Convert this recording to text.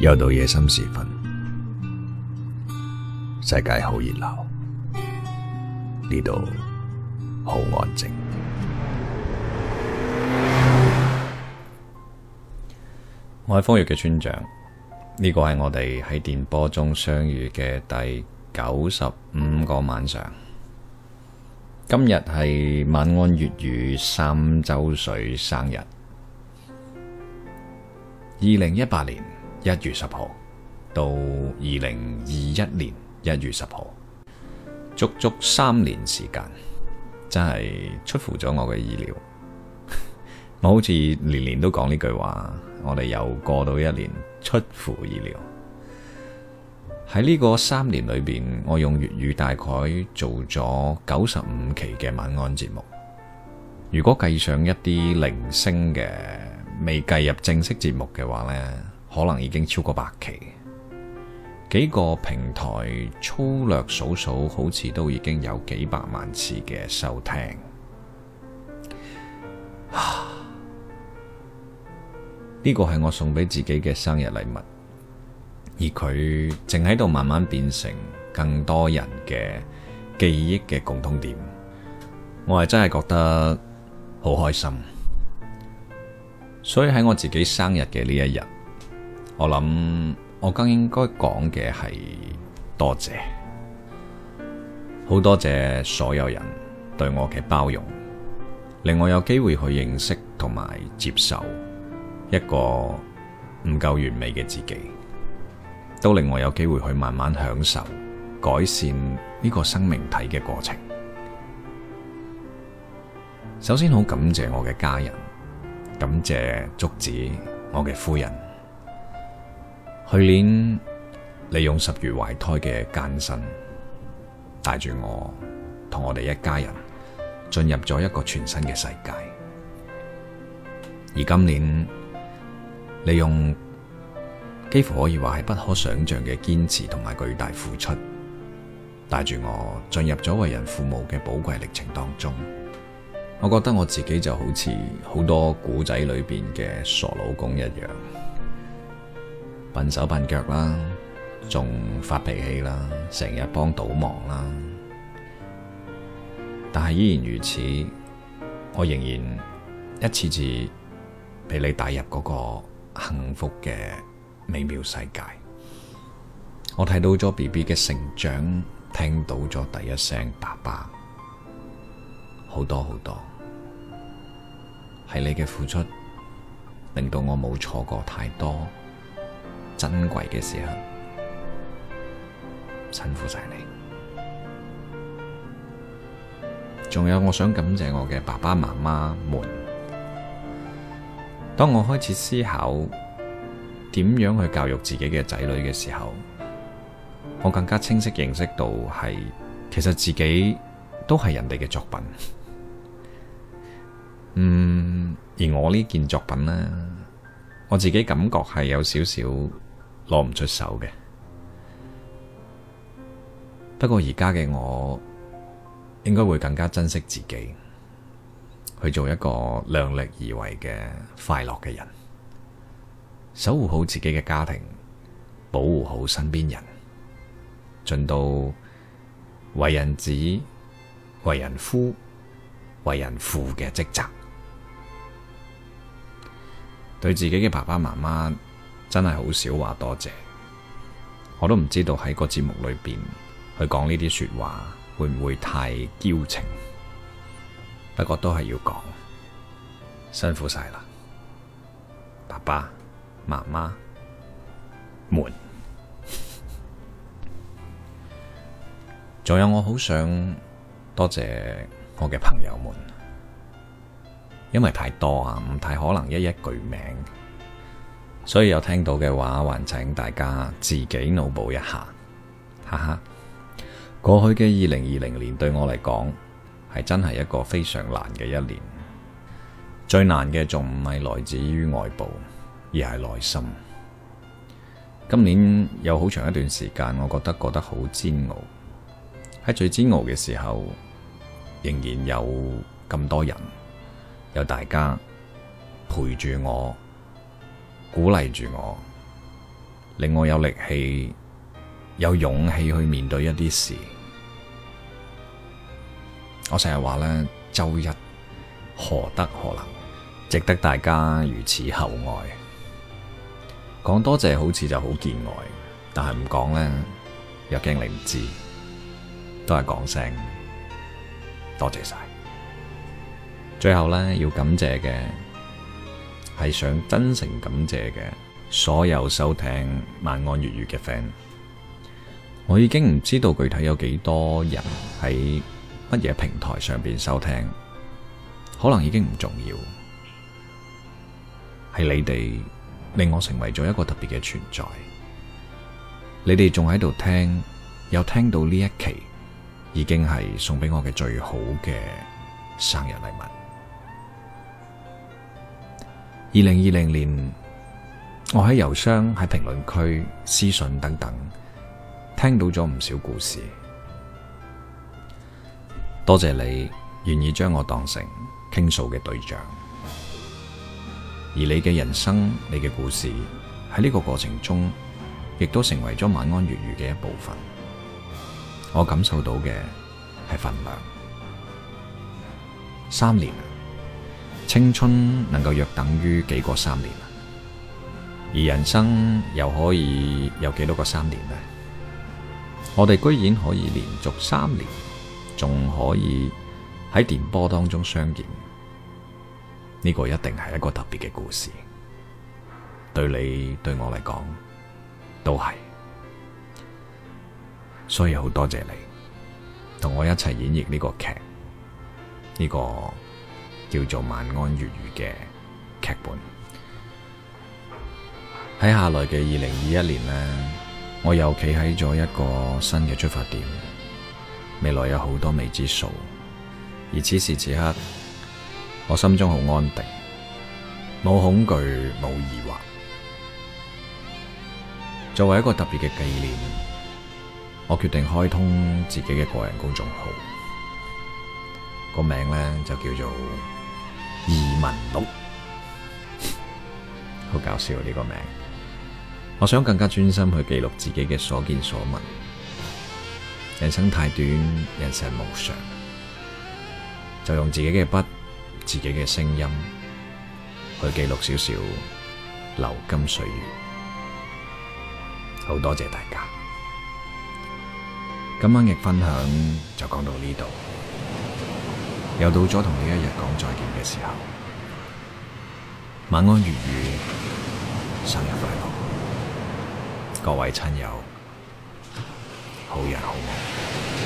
又到夜深時分，世界好熱鬧，呢度好安靜。我係瘋粵嘅村長，呢個係我哋喺電波中相遇嘅第九十五個晚上。今日係晚安粵語三周歲生日，二零一八年。一月十號到二零二一年一月十號，足足三年時間，真係出乎咗我嘅意料。 我好似年年都講呢句話，我哋又過到一年，出乎意料。喺呢個三年裏邊，我用粵語大概做咗九十五期嘅晚安節目。如果計上一啲零星嘅未計入正式節目嘅話呢，可能已經超過百期，幾個平台粗略數數，好似都已經有幾百萬次嘅收聽。呢個係我送俾自己嘅生日禮物，而佢正喺度慢慢變成更多人嘅記憶嘅共通點，我係真係覺得好開心。所以喺我自己生日嘅呢一日。我諗，我更應該講嘅係多謝，好多謝所有人對我嘅包容，令我有機會去認識同埋接受一個唔夠完美嘅自己，都令我有機會去慢慢享受改善呢個生命體嘅過程。首先，好感謝我嘅家人，感謝竹子，我嘅夫人。去年利用十月懷胎嘅艱辛，帶住我同我哋一家人進入咗一個全新嘅世界。而今年利用幾乎可以話係不可想象嘅堅持同埋巨大付出，帶住我進入咗為人父母嘅寶貴歷程當中。我覺得我自己就好似好多古仔裏邊嘅傻老公一樣。笨手笨腳啦，仲發脾氣啦，成日幫倒忙啦，但係依然如此，我仍然一次次俾你帶入嗰個幸福嘅美妙世界。我睇到咗 BB 嘅成長，聽到咗第一聲爸爸，好多好多。係你嘅付出令到我冇錯過太多。珍貴嘅時候，辛苦晒你。仲有，我想感謝我嘅爸爸媽媽們。當我開始思考點樣去教育自己嘅仔女嘅時候，我更加清晰認識到係其實自己都係人哋嘅作品。嗯，而我呢件作品呢，我自己感覺係有少少。攞唔出手嘅，不過而家嘅我應該會更加珍惜自己，去做一個量力而為嘅快樂嘅人，守護好自己嘅家庭，保護好身邊人，盡到為人子、為人夫、為人父嘅職責，對自己嘅爸爸媽媽。真係好少話多謝，我都唔知道喺個節目裏邊去講呢啲說話會唔會太矯情，不過都係要講，辛苦晒啦，爸爸媽媽們，仲有我好想多謝我嘅朋友們，因為太多啊，唔太可能一一具名。所以有聽到嘅話，還請大家自己腦補一下，哈哈。過去嘅二零二零年對我嚟講係真係一個非常難嘅一年。最難嘅仲唔係來自於外部，而係內心。今年有好長一段時間，我覺得過得好煎熬。喺最煎熬嘅時候，仍然有咁多人，有大家陪住我。鼓勵住我，令我有力氣、有勇氣去面對一啲事。我成日話咧，周一何德何能，值得大家如此厚愛。講多謝好似就好見外，但係唔講咧又驚你唔知，都係講聲多謝晒。最後咧要感謝嘅。係想真誠感謝嘅所有收聽晚安粵語嘅 friend，我已經唔知道具體有幾多人喺乜嘢平台上邊收聽，可能已經唔重要，係你哋令我成為咗一個特別嘅存在。你哋仲喺度聽，有聽到呢一期，已經係送俾我嘅最好嘅生日禮物。二零二零年，我喺郵箱、喺評論區、私信等等，聽到咗唔少故事。多謝你願意將我當成傾訴嘅對象，而你嘅人生、你嘅故事喺呢個過程中，亦都成為咗晚安粵語嘅一部分。我感受到嘅係份量。三年。青春能夠約等於幾個三年，而人生又可以有幾多個三年呢？我哋居然可以連續三年，仲可以喺電波當中相見，呢個一定係一個特別嘅故事。對你對我嚟講都係，所以好多謝你同我一齊演繹呢個劇，呢個。叫做晚安粵語嘅劇本。喺下來嘅二零二一年呢，我又企喺咗一個新嘅出發點，未來有好多未知數。而此時此刻，我心中好安定，冇恐懼，冇疑惑。作為一個特別嘅紀念，我決定開通自己嘅個人公眾號，個名呢，就叫做。移民錄，好 搞笑呢個名。我想更加專心去記錄自己嘅所見所聞。人生太短，人世無常，就用自己嘅筆、自己嘅聲音去記錄少少流金歲月。好多謝大家，今晚嘅分享就講到呢度。又到咗同你一日講再見嘅時候，晚安粵語，生日快樂，各位親友，好人好夢。